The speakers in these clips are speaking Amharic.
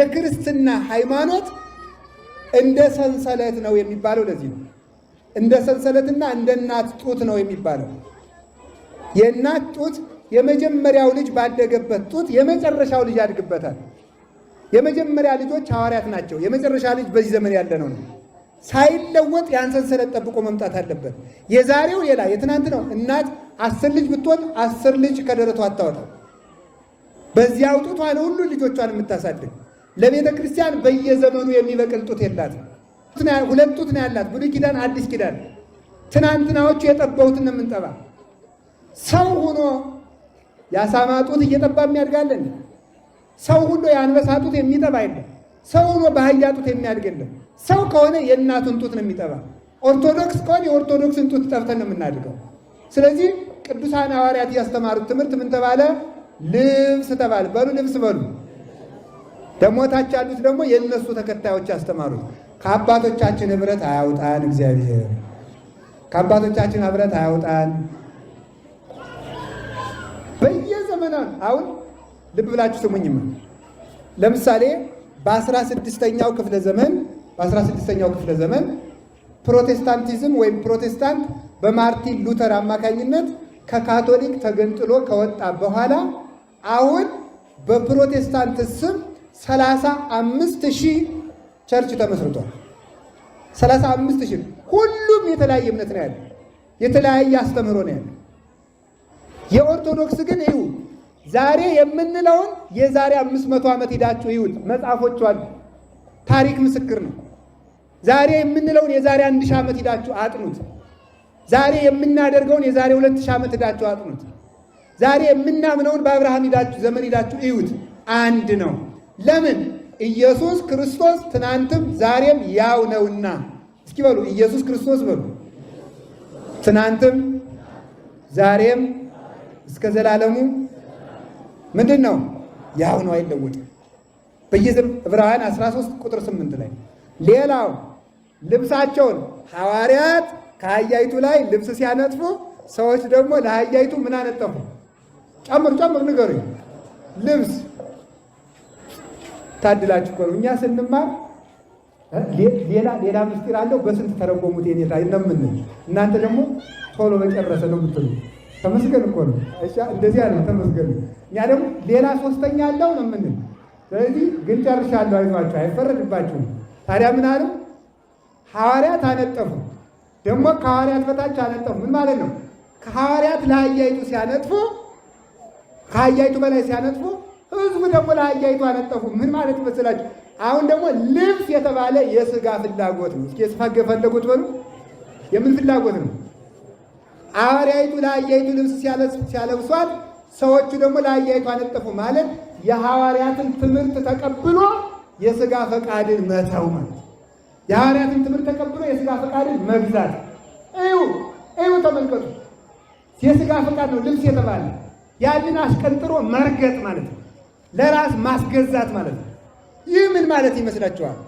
የክርስትና ሃይማኖት እንደ ሰንሰለት ነው የሚባለው። ለዚህ ነው እንደ ሰንሰለትና እንደ እናት ጡት ነው የሚባለው። የእናት ጡት የመጀመሪያው ልጅ ባደገበት ጡት የመጨረሻው ልጅ ያድግበታል። የመጀመሪያ ልጆች ሐዋርያት ናቸው። የመጨረሻ ልጅ በዚህ ዘመን ያለ ነው ነው ሳይለወጥ ያን ሰንሰለት ጠብቆ መምጣት አለበት። የዛሬው ሌላ የትናንት ነው። እናት አስር ልጅ ብትወልድ አስር ልጅ ከደረቷ አታወጣም። በዚያው ጡቷ ነው ሁሉ ልጆቿን የምታሳድግ። ለቤተ ክርስቲያን በየዘመኑ የሚበቅል ጡት የላትም። ሁለት ጡት ነው ያላት፣ ብሉይ ኪዳን፣ አዲስ ኪዳን። ትናንትናዎቹ የጠባሁትን ነው የምንጠባ። ሰው ሆኖ የአሳማ ጡት እየጠባ የሚያድጋለን። ሰው ሁሉ የአንበሳ ጡት የሚጠባ የለም። ሰው ሆኖ በአህያ ጡት የሚያድግ የለም። ሰው ከሆነ የእናቱን ጡት ነው የሚጠባ። ኦርቶዶክስ ከሆነ የኦርቶዶክስን ጡት ጠብተን ነው የምናድገው። ስለዚህ ቅዱሳን ሐዋርያት እያስተማሩት ትምህርት ምን ተባለ? ልብስ ተባለ። በሉ ልብስ በሉ በሞታች ያሉት ደግሞ የእነሱ ተከታዮች ያስተማሩት። ከአባቶቻችን ህብረት አያውጣን እግዚአብሔር ከአባቶቻችን ህብረት አያውጣን። በየዘመና አሁን ልብ ብላችሁ ስሙኝም። ለምሳሌ በአስራ ስድስተኛው ክፍለ ዘመን በአስራ ስድስተኛው ክፍለ ዘመን ፕሮቴስታንቲዝም ወይም ፕሮቴስታንት በማርቲን ሉተር አማካኝነት ከካቶሊክ ተገንጥሎ ከወጣ በኋላ አሁን በፕሮቴስታንት ስም ሰላሳ አምስት ሺህ ቸርች ተመስርቷል። ሰላሳ አምስት ሺህ ሁሉም የተለያየ እምነት ነው ያለ፣ የተለያየ አስተምህሮ ነው ያለ። የኦርቶዶክስ ግን ይሁ ዛሬ የምንለውን የዛሬ አምስት መቶ ዓመት ሄዳችሁ ይሁት መጽሐፎቹ አሉ። ታሪክ ምስክር ነው። ዛሬ የምንለውን የዛሬ አንድ ሺህ ዓመት ሄዳችሁ አጥኑት። ዛሬ የምናደርገውን የዛሬ ሁለት ሺህ ዓመት ሄዳችሁ አጥኑት። ዛሬ የምናምነውን በአብርሃም ሄዳችሁ ዘመን ሄዳችሁ ይሁት አንድ ነው። ለምን? ኢየሱስ ክርስቶስ ትናንትም ዛሬም ያው ነውና። እስኪ በሉ ኢየሱስ ክርስቶስ በሉ። ትናንትም ዛሬም እስከ ዘላለሙ ምንድን ነው? ያው ነው፣ አይለወጥም። በዕብራውያን 13 ቁጥር 8 ላይ ሌላው ልብሳቸውን ሐዋርያት ከአህያይቱ ላይ ልብስ ሲያነጥፉ ሰዎች ደግሞ ለአህያይቱ ምን አነጠፉ? ጨምር ጨምር ንገሩኝ። ልብስ ታድላችሁ እኮ ነው። እኛ ስንማር ሌላ ሌላ ምስጢር አለው። በስንት ተረጎሙት የኔታ ይነምን እናንተ ደግሞ ቶሎ በጨረሰ ነው ምትሉ። ተመስገን እኮ ነው። እሺ እንደዚህ አለ ተመስገን። እኛ ደግሞ ሌላ ሶስተኛ አለው ነው ምን። ስለዚህ ግን ጨርሻለሁ፣ አይዟችሁ፣ አይፈረድባችሁም። ታዲያ ምን አለው? ሐዋርያት አነጠፉ። ደግሞ ከሐዋርያት በታች አነጠፉ። ምን ማለት ነው? ከሐዋርያት ለአህያይቱ ሲያነጥፉ፣ ከአህያይቱ በላይ ሲያነጥፉ ህዝቡ ደግሞ ለአያይቱ አነጠፉ። ምን ማለት ይመስላችሁ? አሁን ደግሞ ልብስ የተባለ የስጋ ፍላጎት ነው። እስኪ የስፋ ፈለጉት በሉ። የምን ፍላጎት ነው? አዋርያይቱ ለአያይቱ ልብስ ሲያለብሷት፣ ሰዎቹ ደግሞ ለአያይቱ አነጠፉ ማለት የሐዋርያትን ትምህርት ተቀብሎ የስጋ ፈቃድን መተው ማለት የሐዋርያትን ትምህርት ተቀብሎ የስጋ ፈቃድን መግዛት። እዩ እዩ፣ ተመልከቱ። የስጋ ፈቃድ ነው ልብስ የተባለ ያንን አስቀንጥሮ መርገጥ ማለት ነው። ለራስ ማስገዛት ማለት ነው። ይህ ምን ማለት ይመስላችኋል?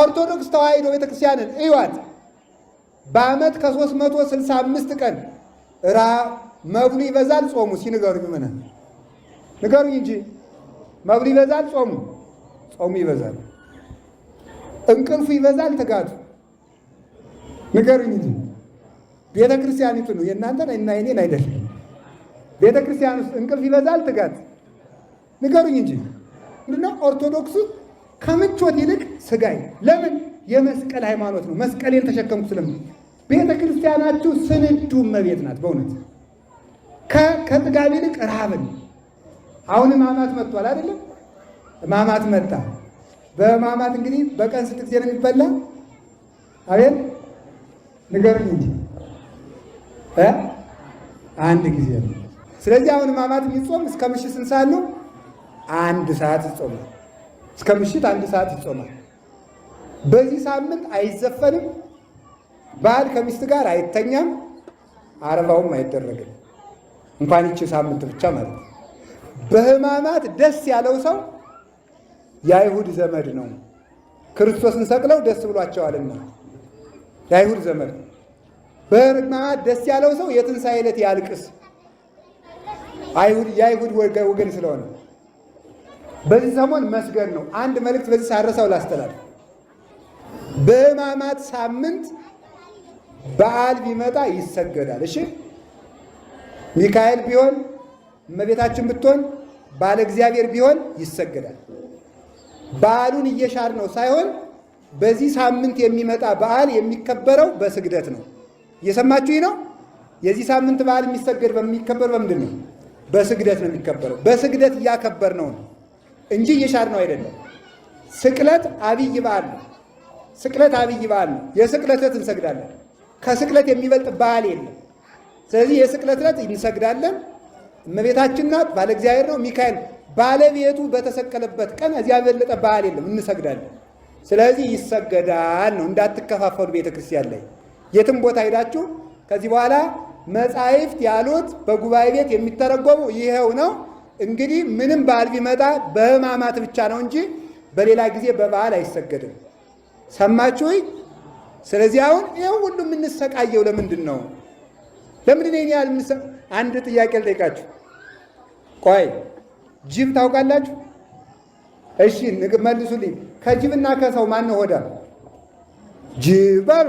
ኦርቶዶክስ ተዋሕዶ ቤተክርስቲያንን እዩዋት። በዓመት ከ365 ቀን ራ መብሉ ይበዛል ጾሙ ሲንገሩኝ ምን ንገሩኝ እንጂ መብሉ ይበዛል ጾሙ ጾሙ ይበዛል እንቅልፉ ይበዛል ትጋቱ ንገሩኝ እንጂ ቤተክርስቲያኒቱ ነው የእናንተን እና የእኔን አይደለም። ቤተክርስቲያን ውስጥ እንቅልፍ ይበዛል ትጋት ንገሩኝ እንጂ ምንድነው? ኦርቶዶክሱ ከምቾት ይልቅ ስጋይ። ለምን? የመስቀል ሃይማኖት ነው። መስቀሌን ተሸከምኩ ስለምን። ቤተ ክርስቲያናችሁ ስንዱ መቤት ናት። በእውነት ከጥጋብ ይልቅ ረሃብን። አሁን ማማት መጥቷል አይደለም? ማማት መጣ። በማማት እንግዲህ በቀን ስንት ጊዜ ነው የሚበላ? አቤት ንገሩኝ እንጂ አንድ ጊዜ ነው። ስለዚህ አሁን ማማት የሚጾም እስከ ምሽት ስንት ሰዓት ነው? አንድ ሰዓት ይጾማል። እስከ ምሽት አንድ ሰዓት ይጾማል። በዚህ ሳምንት አይዘፈንም። ባል ከሚስት ጋር አይተኛም። አረባውም አይደረግም። እንኳን ይቺ ሳምንት ብቻ ማለት ነው። በሕማማት ደስ ያለው ሰው የአይሁድ ዘመድ ነው። ክርስቶስን ሰቅለው ደስ ብሏቸዋልና የአይሁድ ዘመድ ነው። በሕማማት ደስ ያለው ሰው የትንሣኤ ዕለት ያልቅስ፣ የአይሁድ ወገን ስለሆነ በዚህ ሰሞን መስገድ ነው። አንድ መልእክት በዚህ ሳረሰው ላስተላል በሕማማት ሳምንት በዓል ቢመጣ ይሰገዳል። እሺ ሚካኤል ቢሆን እመቤታችን ብትሆን ባለ እግዚአብሔር ቢሆን ይሰገዳል። በዓሉን እየሻር ነው ሳይሆን በዚህ ሳምንት የሚመጣ በዓል የሚከበረው በስግደት ነው። እየሰማችሁ ነው። የዚህ ሳምንት በዓል የሚሰገድ በሚከበር በምንድን ነው? በስግደት ነው የሚከበረው። በስግደት እያከበር ነው ነው እንጂ እየሻር ነው አይደለም። ስቅለት አብይ በዓል ነው። ስቅለት አብይ በዓል ነው። የስቅለት ዕለት እንሰግዳለን። ከስቅለት የሚበልጥ በዓል የለም። ስለዚህ የስቅለት ዕለት እንሰግዳለን። እመቤታችን ናት፣ ባለ እግዚአብሔር ነው ሚካኤል ባለቤቱ በተሰቀለበት ቀን እዚያ የበለጠ በዓል የለም። እንሰግዳለን። ስለዚህ ይሰገዳል ነው። እንዳትከፋፈሉ ቤተ ክርስቲያን ላይ የትም ቦታ ሄዳችሁ ከዚህ በኋላ መጻሕፍት ያሉት በጉባኤ ቤት የሚተረጎሙ ይሄው ነው እንግዲህ ምንም በዓል ቢመጣ በሕማማት ብቻ ነው እንጂ በሌላ ጊዜ በበዓል አይሰገድም። ሰማችሁ? ስለዚህ አሁን ይህ ሁሉ የምንሰቃየው ለምንድን ነው? ለምንድን ይህን ያህል? አንድ ጥያቄ ልጠይቃችሁ። ቆይ ጅብ ታውቃላችሁ? እሺ መልሱልኝ። ከጅብና ከሰው ማን ነው ሆዳም? ጅብ በሉ።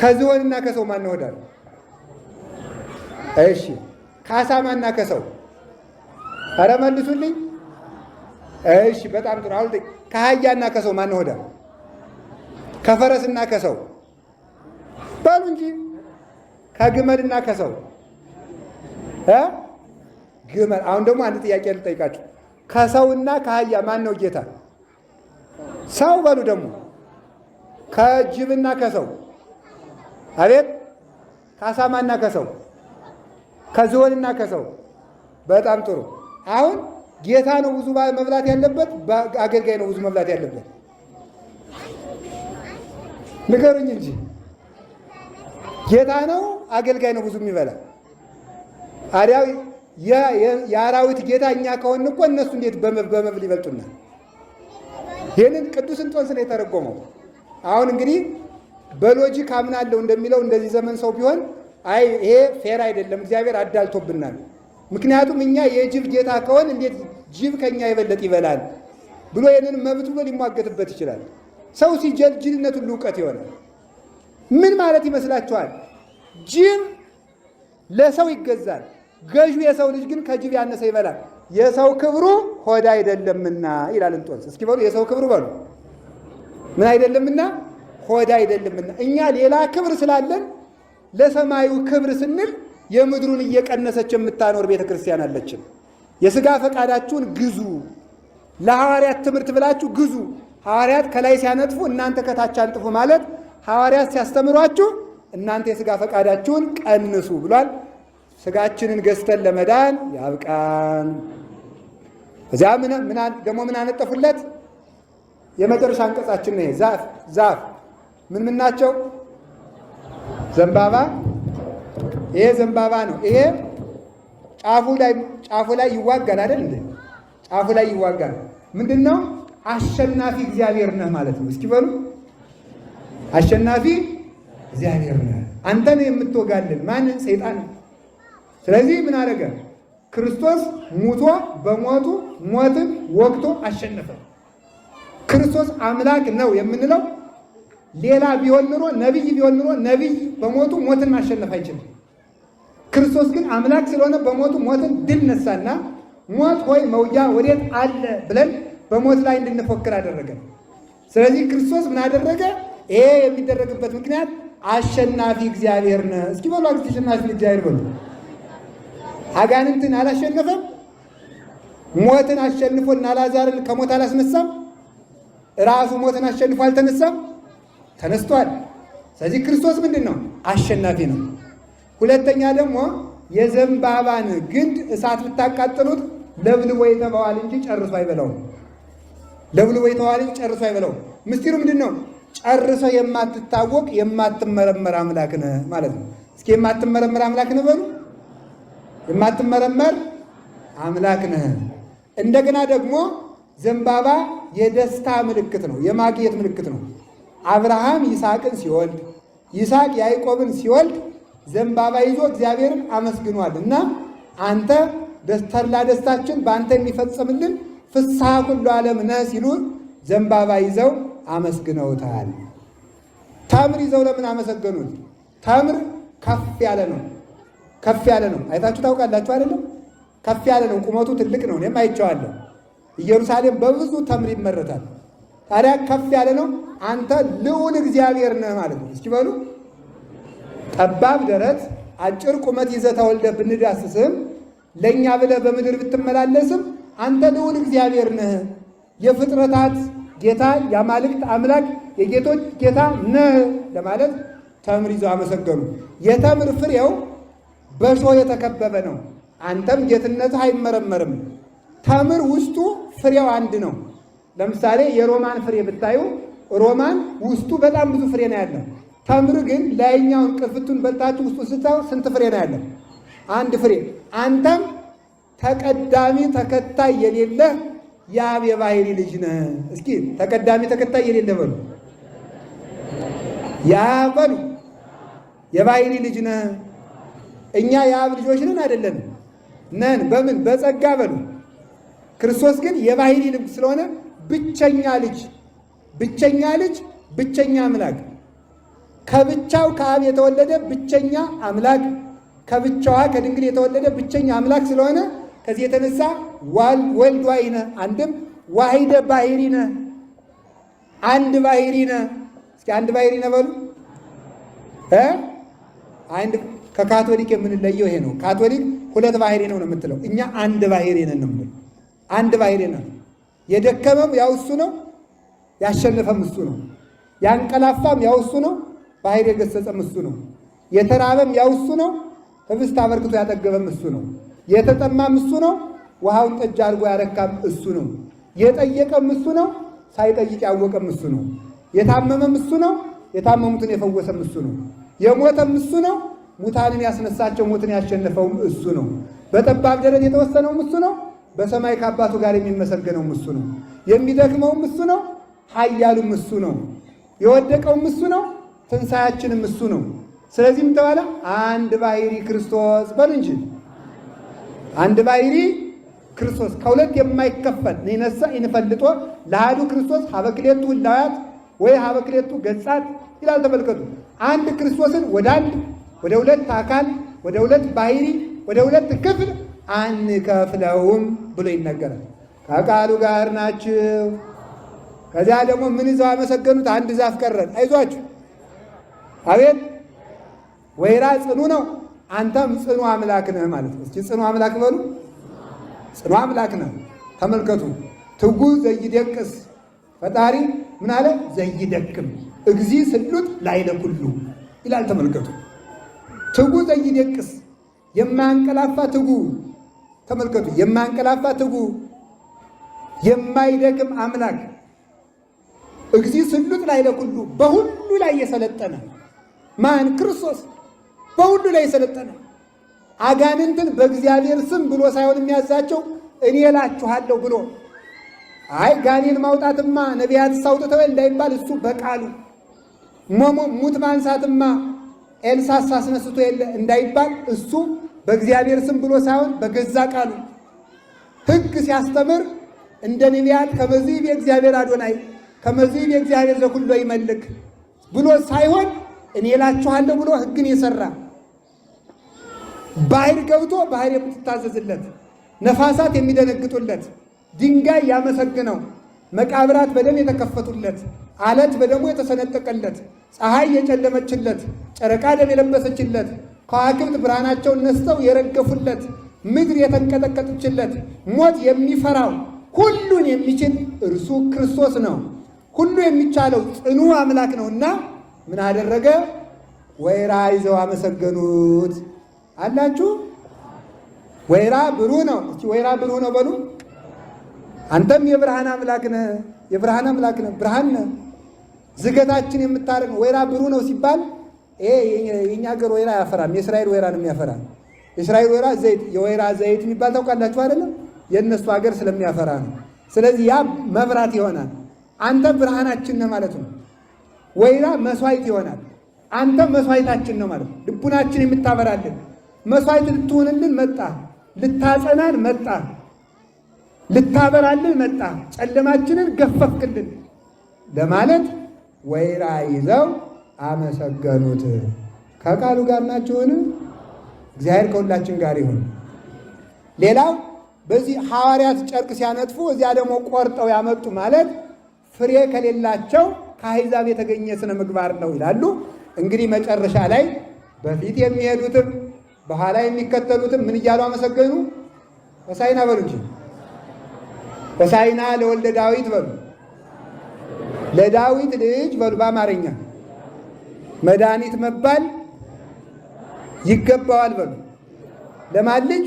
ከዝሆንና ከሰው ማን ሆዳል? እሺ ከአሳማና ከሰው? ኧረ መልሱልኝ። እሺ በጣም ጥሩ። አሁን ከአህያና ከሰው ማን ሆደ? ከፈረስና ከሰው በሉ እንጂ። ከግመልና ከሰው እ ግመል። አሁን ደግሞ አንድ ጥያቄ ልጠይቃችሁ። ከሰውና ከአህያ ማን ነው ጌታ? ሰው በሉ። ደግሞ ከጅብና ከሰው አቤት፣ ከአሳማና ከሰው ከዝሆንና ከሰው በጣም ጥሩ። አሁን ጌታ ነው ብዙ መብላት ያለበት፣ አገልጋይ ነው ብዙ መብላት ያለበት? ንገሩኝ እንጂ ጌታ ነው አገልጋይ ነው ብዙ የሚበላ? አዲያው የአራዊት ጌታ እኛ ከሆን እኮ እነሱ እንዴት በመብል ይበልጡናል? ይህንን ቅዱስ እንጦንስ ነው የተረጎመው። አሁን እንግዲህ በሎጂክ አምናለሁ እንደሚለው እንደዚህ ዘመን ሰው ቢሆን አይ ይሄ ፌር አይደለም፣ እግዚአብሔር አዳልቶብናል። ምክንያቱም እኛ የጅብ ጌታ ከሆን እንዴት ጅብ ከኛ የበለጥ ይበላል ብሎ ይህንን መብት ብሎ ሊሟገትበት ይችላል። ሰው ሲጀል ጅልነት ሁሉ እውቀት ይሆናል። ምን ማለት ይመስላችኋል? ጅብ ለሰው ይገዛል። ገዢ የሰው ልጅ ግን ከጅብ ያነሰ ይበላል። የሰው ክብሩ ሆድ አይደለምና ይላል እንጦንስ። እስኪ በሉ የሰው ክብሩ በሉ ምን አይደለምና ሆድ አይደለምና። እኛ ሌላ ክብር ስላለን ለሰማዩ ክብር ስንል የምድሩን እየቀነሰች የምታኖር ቤተ ክርስቲያን አለችን። የሥጋ ፈቃዳችሁን ግዙ፣ ለሐዋርያት ትምህርት ብላችሁ ግዙ። ሐዋርያት ከላይ ሲያነጥፉ እናንተ ከታች አንጥፉ ማለት፣ ሐዋርያት ሲያስተምሯችሁ እናንተ የሥጋ ፈቃዳችሁን ቀንሱ ብሏል። ሥጋችንን ገዝተን ለመዳን ያብቃን። እዚያ ደግሞ ምን አነጠፉለት? የመጨረሻ አንቀጻችን ነው። ዛፍ ዛፍ ምን ምን ናቸው? ዘንባባ ይሄ ዘንባባ ነው። ይሄ ጫፉ ላይ ጫፉ ላይ ይዋጋል አይደል እንዴ? ጫፉ ላይ ይዋጋል። ምንድነው? አሸናፊ እግዚአብሔር ነህ ማለት ነው። እስኪ በሉ አሸናፊ እግዚአብሔር ነህ። አንተ ነህ የምትወጋልን። ማንን? ሰይጣን። ስለዚህ ምን አደረገ? ክርስቶስ ሙቶ በሞቱ ሞትን ወግቶ አሸነፈ። ክርስቶስ አምላክ ነው የምንለው ሌላ ቢሆን ኑሮ ነቢይ ቢሆን ኑሮ ነቢይ በሞቱ ሞትን ማሸነፍ አይችልም። ክርስቶስ ግን አምላክ ስለሆነ በሞቱ ሞትን ድል ነሳና ሞት ሆይ መውጊያ ወዴት አለ ብለን በሞት ላይ እንድንፎክር አደረገ። ስለዚህ ክርስቶስ ምን አደረገ? ይሄ የሚደረግበት ምክንያት አሸናፊ እግዚአብሔር ነ እስኪ በሉ ተሸናፊ እግዚአብሔር በሉ። አጋንንትን አላሸነፈም? ሞትን አሸንፎና ላዛርን ከሞት አላስነሳም? ራሱ ሞትን አሸንፎ አልተነሳም? ተነስቷል። ስለዚህ ክርስቶስ ምንድን ነው? አሸናፊ ነው። ሁለተኛ ደግሞ የዘንባባን ግንድ እሳት ብታቃጥሉት ለብልቦ የተባዋል እንጂ ጨርሶ አይበላውም። ለብልቦ የተባዋል እንጂ ጨርሶ አይበላውም። ምስጢሩ ምንድን ነው? ጨርሶ የማትታወቅ የማትመረመር አምላክ ነህ ማለት ነው። እስኪ የማትመረመር አምላክ ነህ በሉ። የማትመረመር አምላክ ነህ። እንደገና ደግሞ ዘንባባ የደስታ ምልክት ነው፣ የማግኘት ምልክት ነው። አብርሃም ይስሐቅን ሲወልድ ይስሐቅ ያዕቆብን ሲወልድ ዘንባባ ይዞ እግዚአብሔርን አመስግኗል እና አንተ ደስተላ ደስታችን በአንተ የሚፈጸምልን ፍስሐ ሁሉ ዓለም ነህ ሲሉ ዘንባባ ይዘው አመስግነውታል። ተምር ይዘው ለምን አመሰገኑት? ተምር ከፍ ያለ ነው። ከፍ ያለ ነው። አይታችሁ ታውቃላችሁ አይደለም? ከፍ ያለ ነው። ቁመቱ ትልቅ ነው። እኔም አይቼዋለሁ። ኢየሩሳሌም በብዙ ተምር ይመረታል። ታዲያ ከፍ ያለ ነው። አንተ ልዑል እግዚአብሔር ነህ ማለት ነው። እስኪ በሉ ጠባብ ደረት አጭር ቁመት ይዘህ ተወልደህ ብንዳስስህም ለእኛ ብለህ በምድር ብትመላለስም አንተ ልዑል እግዚአብሔር ነህ፣ የፍጥረታት ጌታ፣ የአማልክት አምላክ፣ የጌቶች ጌታ ነህ ለማለት ተምር ይዘው አመሰገኑ። የተምር ፍሬው በእሾህ የተከበበ ነው። አንተም ጌትነትህ አይመረመርም። ተምር ውስጡ ፍሬው አንድ ነው። ለምሳሌ የሮማን ፍሬ ብታዩ ሮማን ውስጡ በጣም ብዙ ፍሬ ነው ያለው። ተምር ግን ላይኛውን ቅርፍቱን በልታችሁ ውስጡ ስታው ስንት ፍሬ ነው ያለው? አንድ ፍሬ። አንተም ተቀዳሚ ተከታይ የሌለ የአብ የባህሪ ልጅ ነህ። እስኪ ተቀዳሚ ተከታይ የሌለ በሉ፣ የአብ በሉ፣ የባህሪ ልጅ ነህ። እኛ የአብ ልጆች ነን አይደለን? ነን። በምን በጸጋ በሉ። ክርስቶስ ግን የባህሪ ልጅ ስለሆነ ብቸኛ ልጅ ብቸኛ ልጅ ብቸኛ አምላክ ከብቻው ከአብ የተወለደ ብቸኛ አምላክ ከብቻዋ ከድንግል የተወለደ ብቸኛ አምላክ ስለሆነ ከዚህ የተነሳ ወልድ ዋይነ አንድም ዋሂደ ባህሪነ አንድ ባህሪነ እስኪ አንድ ባህሪነ በሉ አንድ ከካቶሊክ የምንለየው ይሄ ነው። ካቶሊክ ሁለት ባህሪ ነው ነው የምትለው፣ እኛ አንድ ባህሪ ነን ነው የምንለው። አንድ ባህሪ ነው። የደከመም ያው እሱ ነው፣ ያሸነፈም እሱ ነው። ያንቀላፋም ያው እሱ ነው፣ ባሕር የገሰጸም እሱ ነው። የተራበም ያው እሱ ነው፣ ህብስት አበርክቶ ያጠገበም እሱ ነው። የተጠማም እሱ ነው፣ ውሃውን ጠጅ አድርጎ ያረካም እሱ ነው። የጠየቀም እሱ ነው፣ ሳይጠይቅ ያወቀም እሱ ነው። የታመመም እሱ ነው፣ የታመሙትን የፈወሰም እሱ ነው። የሞተም እሱ ነው፣ ሙታንን ያስነሳቸው ሞትን ያሸነፈውም እሱ ነው። በጠባብ ደረት የተወሰነውም እሱ ነው። በሰማይ ከአባቱ ጋር የሚመሰገነው እሱ ነው። የሚደክመውም እሱ ነው። ኃያሉም እሱ ነው። የወደቀውም እሱ ነው። ትንሣያችንም እሱ ነው። ስለዚህ ምን ተባለ? አንድ ባሕሪ ክርስቶስ በል እንጂ አንድ ባሕሪ ክርስቶስ ከሁለት የማይከፈል ይነሳ ይንፈልጦ ለአሐዱ ክርስቶስ ሀበክሌቱ ክሌቱ ወይ ሀበክሌቱ ገጻት ይላል። ተመልከቱ አንድ ክርስቶስን ወደ አንድ ወደ ሁለት አካል ወደ ሁለት ባህሪ ወደ ሁለት ክፍል አንከፍለውም ብሎ ይነገራል። ከቃሉ ጋር ናቸው። ከዚያ ደግሞ ምን ይዘው አመሰገኑት? አንድ ዛፍ ቀረን። አይዟችሁ አቤት ወይራ ጽኑ ነው፣ አንተም ጽኑ አምላክ ነህ ማለት ነው። እስኪ ጽኑ አምላክ በሉ። ጽኑ አምላክ ነህ። ተመልከቱ። ትጉ ዘይደቅስ ፈጣሪ ምን አለ? ዘይደቅም እግዚ ስሉጥ ላይለ ኩሉ ይላል። ተመልከቱ። ትጉ ዘይደቅስ የማያንቀላፋ ትጉ ተመልከቱ፣ የማያንቀላፋ ትጉ የማይደክም አምላክ እግዚእ ስሉጥ ላይ ለኩሉ በሁሉ ላይ የሰለጠነ ማን ክርስቶስ በሁሉ ላይ የሰለጠነ አጋንንትን በእግዚአብሔር ስም ብሎ ሳይሆን የሚያዛቸው እኔ እላችኋለሁ ብሎ አይ ጋኔን ማውጣትማ ነቢያት ሳውጥተው እንዳይባል እሱ በቃሉ ሞሞ ሙት ማንሳትማ ኤልሳስ አስነስቶ የለ እንዳይባል እሱ በእግዚአብሔር ስም ብሎ ሳይሆን በገዛ ቃሉ ሕግ ሲያስተምር እንደ ኒቢያት ከመዚህ የእግዚአብሔር አዶናይ ከመዚህ የእግዚአብሔር ዘኩሎ ይመልክ ብሎ ሳይሆን እኔ እላችኋለሁ ብሎ ሕግን የሰራ ባህር ገብቶ ባህር የምትታዘዝለት ነፋሳት የሚደነግጡለት ድንጋይ ያመሰግነው መቃብራት በደም የተከፈቱለት አለት በደሙ የተሰነጠቀለት ፀሐይ የጨለመችለት ጨረቃ ደም የለበሰችለት ከዋክብት ብርሃናቸውን ነስተው የረገፉለት ምድር የተንቀጠቀጠችለት ሞት የሚፈራው ሁሉን የሚችል እርሱ ክርስቶስ ነው። ሁሉ የሚቻለው ጽኑ አምላክ ነውና ምን አደረገ? ወይራ ይዘው አመሰገኑት አላችሁ። ወይራ ብሩህ ነው። እስኪ ወይራ ብሩህ ነው በሉ። አንተም የብርሃን አምላክ ነህ፣ የብርሃን አምላክ ነህ፣ ብርሃን ነህ። ዝገታችን የምታደርግ ወይራ ብሩህ ነው ሲባል ይሄ የኛ ሀገር ወይራ አያፈራም። የእስራኤል ወይራ ነው የሚያፈራ። የእስራኤል ወይራ ዘይት፣ የወይራ ዘይት የሚባል ታውቃላችሁ አይደለም? የእነሱ ሀገር ስለሚያፈራ ነው። ስለዚህ ያ መብራት ይሆናል። አንተ ብርሃናችን ነው ማለት ነው። ወይራ መስዋዕት ይሆናል። አንተ መስዋዕታችን ነው ማለት ነው። ልቡናችን የምታበራልን መስዋዕት ልትሆንልን መጣ፣ ልታጸናን መጣ፣ ልታበራልን መጣ፣ ጨለማችንን ገፈፍክልን ለማለት ወይራ ይዘው አመሰገኑት። ከቃሉ ጋር ናችሁን? እግዚአብሔር ከሁላችን ጋር ይሁን። ሌላው በዚህ ሐዋርያት ጨርቅ ሲያነጥፉ እዚያ ደግሞ ቆርጠው ያመጡ ማለት ፍሬ ከሌላቸው ከአሕዛብ የተገኘ ስነ ምግባር ነው ይላሉ። እንግዲህ መጨረሻ ላይ በፊት የሚሄዱትም በኋላ የሚከተሉትም ምን እያሉ አመሰገኑ? ሆሳዕና በሉ እንጂ ሆሳዕና ለወልደ ዳዊት በሉ፣ ለዳዊት ልጅ በሉ በአማርኛ መድኃኒት መባል ይገባዋል በሉ። ለማን ልጅ?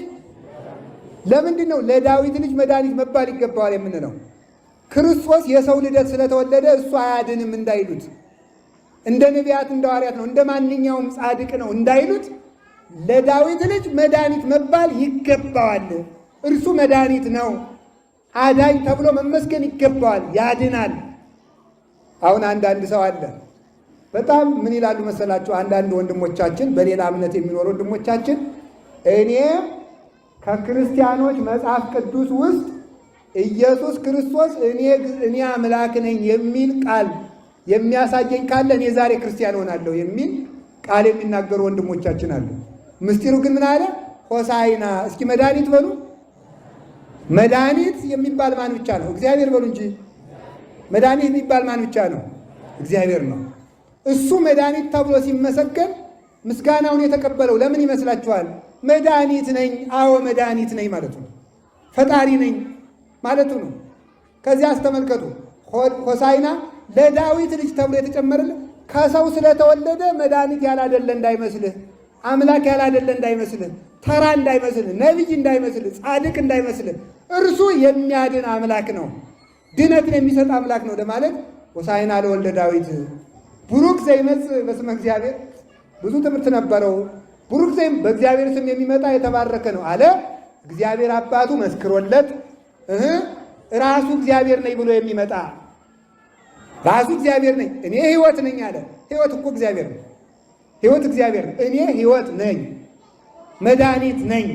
ለምንድን ነው ለዳዊት ልጅ መድኃኒት መባል ይገባዋል የምንለው? ክርስቶስ የሰው ልደት ስለተወለደ እሱ አያድንም እንዳይሉት፣ እንደ ነቢያት እንደ ሐዋርያት ነው፣ እንደ ማንኛውም ጻድቅ ነው እንዳይሉት፣ ለዳዊት ልጅ መድኃኒት መባል ይገባዋል። እርሱ መድኃኒት ነው፣ አዳኝ ተብሎ መመስገን ይገባዋል፣ ያድናል። አሁን አንዳንድ ሰው አለ በጣም ምን ይላሉ መሰላችሁ? አንዳንድ ወንድሞቻችን፣ በሌላ እምነት የሚኖሩ ወንድሞቻችን እኔ ከክርስቲያኖች መጽሐፍ ቅዱስ ውስጥ ኢየሱስ ክርስቶስ እኔ እኔ አምላክ ነኝ የሚል ቃል የሚያሳየኝ ካለ እኔ ዛሬ ክርስቲያን ሆናለሁ የሚል ቃል የሚናገሩ ወንድሞቻችን አሉ። ምስጢሩ ግን ምን አለ? ሆሳይና። እስኪ መድኃኒት በሉ። መድኃኒት የሚባል ማን ብቻ ነው? እግዚአብሔር በሉ እንጂ መድኃኒት የሚባል ማን ብቻ ነው? እግዚአብሔር ነው። እሱ መድኃኒት ተብሎ ሲመሰገን ምስጋናውን የተቀበለው ለምን ይመስላችኋል? መድኃኒት ነኝ፣ አዎ መድኃኒት ነኝ ማለቱ ነው። ፈጣሪ ነኝ ማለቱ ነው። ከዚህ አስተመልከቱ። ሆሳይና ለዳዊት ልጅ ተብሎ የተጨመረልህ ከሰው ስለተወለደ መድኃኒት ያላደለ እንዳይመስልህ፣ አምላክ ያላደለ እንዳይመስልህ፣ ተራ እንዳይመስልህ፣ ነቢይ እንዳይመስልህ፣ ጻድቅ እንዳይመስልህ፣ እርሱ የሚያድን አምላክ ነው፣ ድነትን የሚሰጥ አምላክ ነው ለማለት ሆሳይና ለወልደ ዳዊት ቡሩክ ዘይመጽእ በስመ እግዚአብሔር ብዙ ትምህርት ነበረው። ቡሩክ ዘይም በእግዚአብሔር ስም የሚመጣ የተባረከ ነው አለ። እግዚአብሔር አባቱ መስክሮለት እህ ራሱ እግዚአብሔር ነኝ ብሎ የሚመጣ ራሱ እግዚአብሔር ነኝ እኔ ህይወት ነኝ አለ። ሕይወት እኮ እግዚአብሔር ነው። ሕይወት እግዚአብሔር ነው። እኔ ህይወት ነኝ፣ መድኃኒት ነኝ።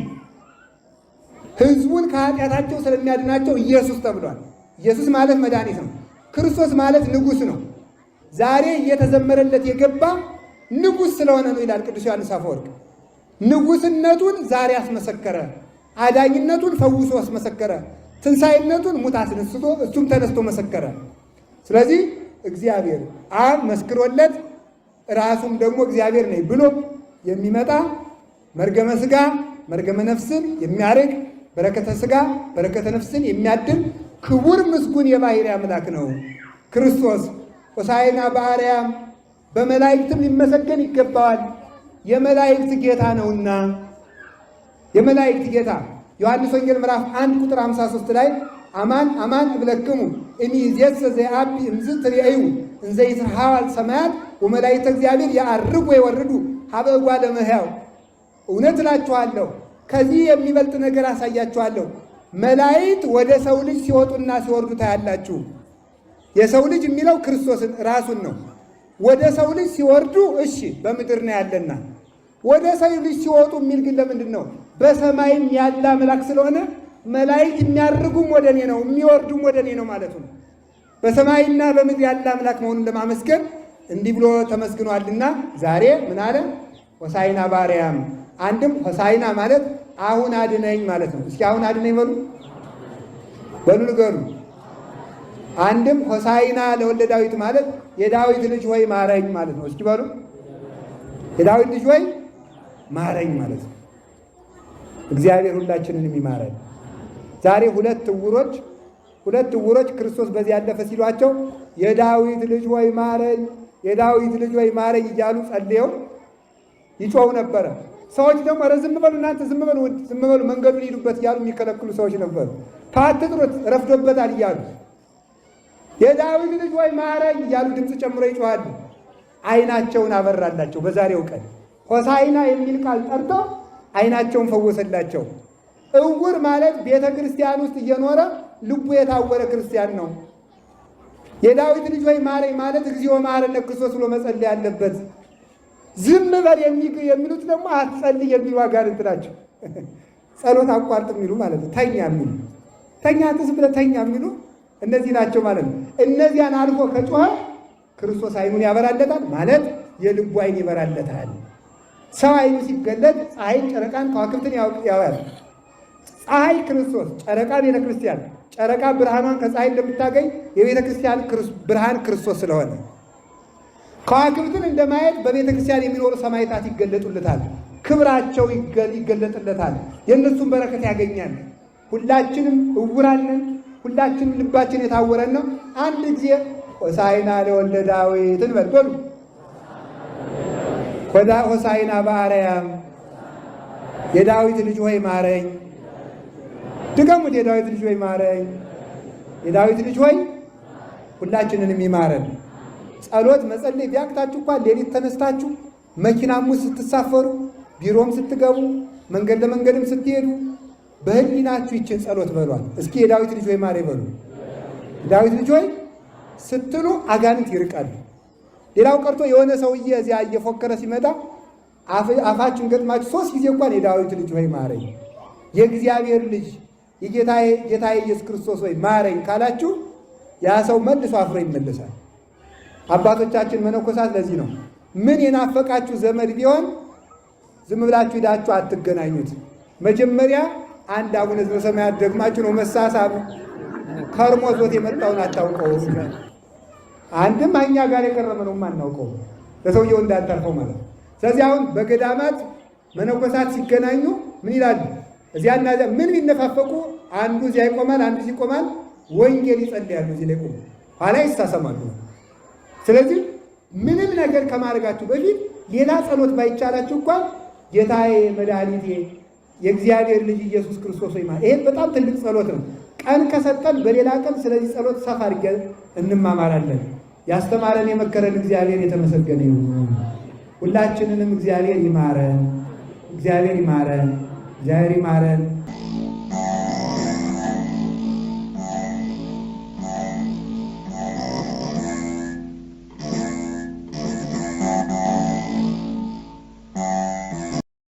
ህዝቡን ከኃጢአታቸው ስለሚያድናቸው ኢየሱስ ተብሏል። ኢየሱስ ማለት መድኃኒት ነው። ክርስቶስ ማለት ንጉሥ ነው። ዛሬ እየተዘመረለት የገባ ንጉሥ ስለሆነ ነው ይላል ቅዱስ ዮሐንስ አፈወርቅ። ንጉሥነቱን ዛሬ አስመሰከረ። አዳኝነቱን ፈውሶ አስመሰከረ። ትንሣኤነቱን ሙት አስነስቶ እሱም ተነስቶ መሰከረ። ስለዚህ እግዚአብሔር አብ መስክሮለት ራሱም ደግሞ እግዚአብሔር ነኝ ብሎ የሚመጣ መርገመ ሥጋ መርገመ ነፍስን የሚያርቅ በረከተ ሥጋ በረከተ ነፍስን የሚያድል ክቡር ምስጉን የባሕርይ አምላክ ነው ክርስቶስ ቁሳይና በአርያም በመላእክትም ሊመሰገን ይገባዋል። የመላእክት ጌታ ነውና የመላእክት ጌታ ዮሐንስ ወንጌል ምዕራፍ 1 ቁጥር 53 ላይ አማን አማን እብለክሙ እምይእዜሰ ዘየአቢ እምዝ ትርእዩ እንዘ ይትርኃወ ሰማያት ወመላእክተ እግዚአብሔር ያርጉ ይወርዱ ሀበ እጓለ እመሕያው። እውነት እላችኋለሁ ከዚህ የሚበልጥ ነገር አሳያችኋለሁ። መላእክት ወደ ሰው ልጅ ሲወጡና ሲወርዱ ታያላችሁ። የሰው ልጅ የሚለው ክርስቶስን ራሱን ነው። ወደ ሰው ልጅ ሲወርዱ እሺ በምድር ነው ያለና ወደ ሰው ልጅ ሲወጡ የሚል ግን ለምንድን ነው? በሰማይም ያለ አምላክ ስለሆነ መላእክት የሚያርጉም ወደ እኔ ነው የሚወርዱም ወደ እኔ ነው ማለቱ ነው። በሰማይና በምድር ያለ አምላክ መሆኑን ለማመስገን እንዲህ ብሎ ተመስግኗልና ዛሬ ምን አለ? ሆሳይና ባሪያም። አንድም ሆሳይና ማለት አሁን አድነኝ ማለት ነው። እስኪ አሁን አድነኝ በሉ በሉ ንገሩ አንድም ሆሳይና ለወልደ ዳዊት ማለት የዳዊት ልጅ ሆይ ማረኝ ማለት ነው። እስኪ በሉ የዳዊት ልጅ ሆይ ማረኝ ማለት ነው። እግዚአብሔር ሁላችንንም ይማረን። ዛሬ ሁለት እውሮች ሁለት ዕውሮች ክርስቶስ በዚህ ያለፈ ሲሏቸው የዳዊት ልጅ ሆይ ማረኝ፣ የዳዊት ልጅ ሆይ ማረኝ እያሉ ጸልየው ይጮው ነበረ። ሰዎች ደግሞ ኧረ ዝም በሉ እናንተ ዝም በሉ ዝም በሉ መንገዱን ሂዱበት እያሉ የሚከለክሉ ሰዎች ነበሩ። ፓትጥሩት ረፍዶበታል እያሉ የዳዊት ልጅ ወይ ማረኝ እያሉ ድምፅ ጨምሮ ይጮኻሉ። አይናቸውን አበራላቸው። በዛሬው ቀን ሆሳይና የሚል ቃል ጠርቶ አይናቸውን ፈወሰላቸው። እውር ማለት ቤተ ክርስቲያን ውስጥ እየኖረ ልቡ የታወረ ክርስቲያን ነው። የዳዊት ልጅ ወይ ማረኝ ማለት እግዚኦ መሐረነ ክርስቶስ ብሎ መጸለይ ያለበት። ዝም በል የሚሉት ደግሞ አትጸልይ የሚሉ አጋንንት ናቸው። ጸሎት አቋርጥ የሚሉ ማለት ነው። ተኛ የሚሉ ተኛ፣ ትስ ብለህ ተኛ የሚሉ እነዚህ ናቸው ማለት ነው። እነዚያን አልፎ ከጮኸ ክርስቶስ አይኑን ያበራለታል ማለት የልቡ አይን ይበራለታል። ሰው አይኑ ሲገለጥ ፀሐይን፣ ጨረቃን፣ ከዋክብትን ያውያል። ፀሐይ ክርስቶስ፣ ጨረቃ ቤተ ክርስቲያን። ጨረቃ ብርሃኗን ከፀሐይ እንደምታገኝ የቤተ ክርስቲያን ብርሃን ክርስቶስ ስለሆነ ከዋክብትን እንደማየት በቤተ ክርስቲያን የሚኖሩ ሰማዕታት ይገለጡለታል። ክብራቸው ይገለጥለታል። የእነሱን በረከት ያገኛል። ሁላችንም እውራለን ሁላችን ልባችን የታወረን ነው። አንድ ጊዜ ሆሳይና ለወልደ ዳዊት እንበል በሉ። ሆሳይና በአርያም የዳዊት ልጅ ሆይ ማረኝ። ድገሙት። የዳዊት ልጅ ሆይ ማረኝ። የዳዊት ልጅ ሆይ ሁላችንንም ይማረን። ጸሎት መጸለይ ቢያቅታችሁ እንኳን ሌሊት ተነስታችሁ መኪናም ውስጥ ስትሳፈሩ፣ ቢሮም ስትገቡ፣ መንገድ ለመንገድም ስትሄዱ በህሊናችሁ ይችን ጸሎት በሏል። እስኪ የዳዊት ልጅ ሆይ ማር በሉ። ዳዊት ልጅ ሆይ ስትሉ አጋንንት ይርቃሉ። ሌላው ቀርቶ የሆነ ሰውዬ እዚያ እየፎከረ ሲመጣ አፋችን ገጥማችሁ ሶስት ጊዜ እንኳን የዳዊት ልጅ ሆይ ማረኝ፣ የእግዚአብሔር ልጅ የጌታዬ ኢየሱስ ክርስቶስ ሆይ ማረኝ ካላችሁ ያ ሰው መልሶ አፍሮ ይመለሳል። አባቶቻችን መነኮሳት ለዚህ ነው ምን የናፈቃችሁ ዘመድ ቢሆን ዝም ብላችሁ ሄዳችሁ አትገናኙት መጀመሪያ አንድ አቡነ ዘበሰማያት ደግማችሁ ነው መሳሳብ ከርሞ ዞት የመጣውን አታውቀው። አንድም እኛ ጋር የቀረበ ነው የማናውቀው ለሰውየው እንዳታልፈው ማለት ነው። ስለዚህ አሁን በገዳማት መነኮሳት ሲገናኙ ምን ይላሉ? እዚያና እዚያ ምን ቢነፋፈቁ አንዱ እዚያ ይቆማል፣ አንዱ እዚህ ይቆማል። ወንጌል ይጸልያሉ፣ እዚህ ላይ ቆሙ፣ ኋላ ይሳሰማሉ። ስለዚህ ምንም ነገር ከማድረጋችሁ በፊት ሌላ ጸሎት ባይቻላችሁ እንኳን ጌታዬ መድኃኒቴ የእግዚአብሔር ልጅ ኢየሱስ ክርስቶስ ሆይ ማለት ይሄን በጣም ትልቅ ጸሎት ነው። ቀን ከሰጠን በሌላ ቀን ስለዚህ ጸሎት ሰፋ አድርገን እንማማራለን። ያስተማረን የመከረን እግዚአብሔር የተመሰገነ ይሁን። ሁላችንንም እግዚአብሔር ይማረን፣ እግዚአብሔር ይማረን፣ እግዚአብሔር ይማረን።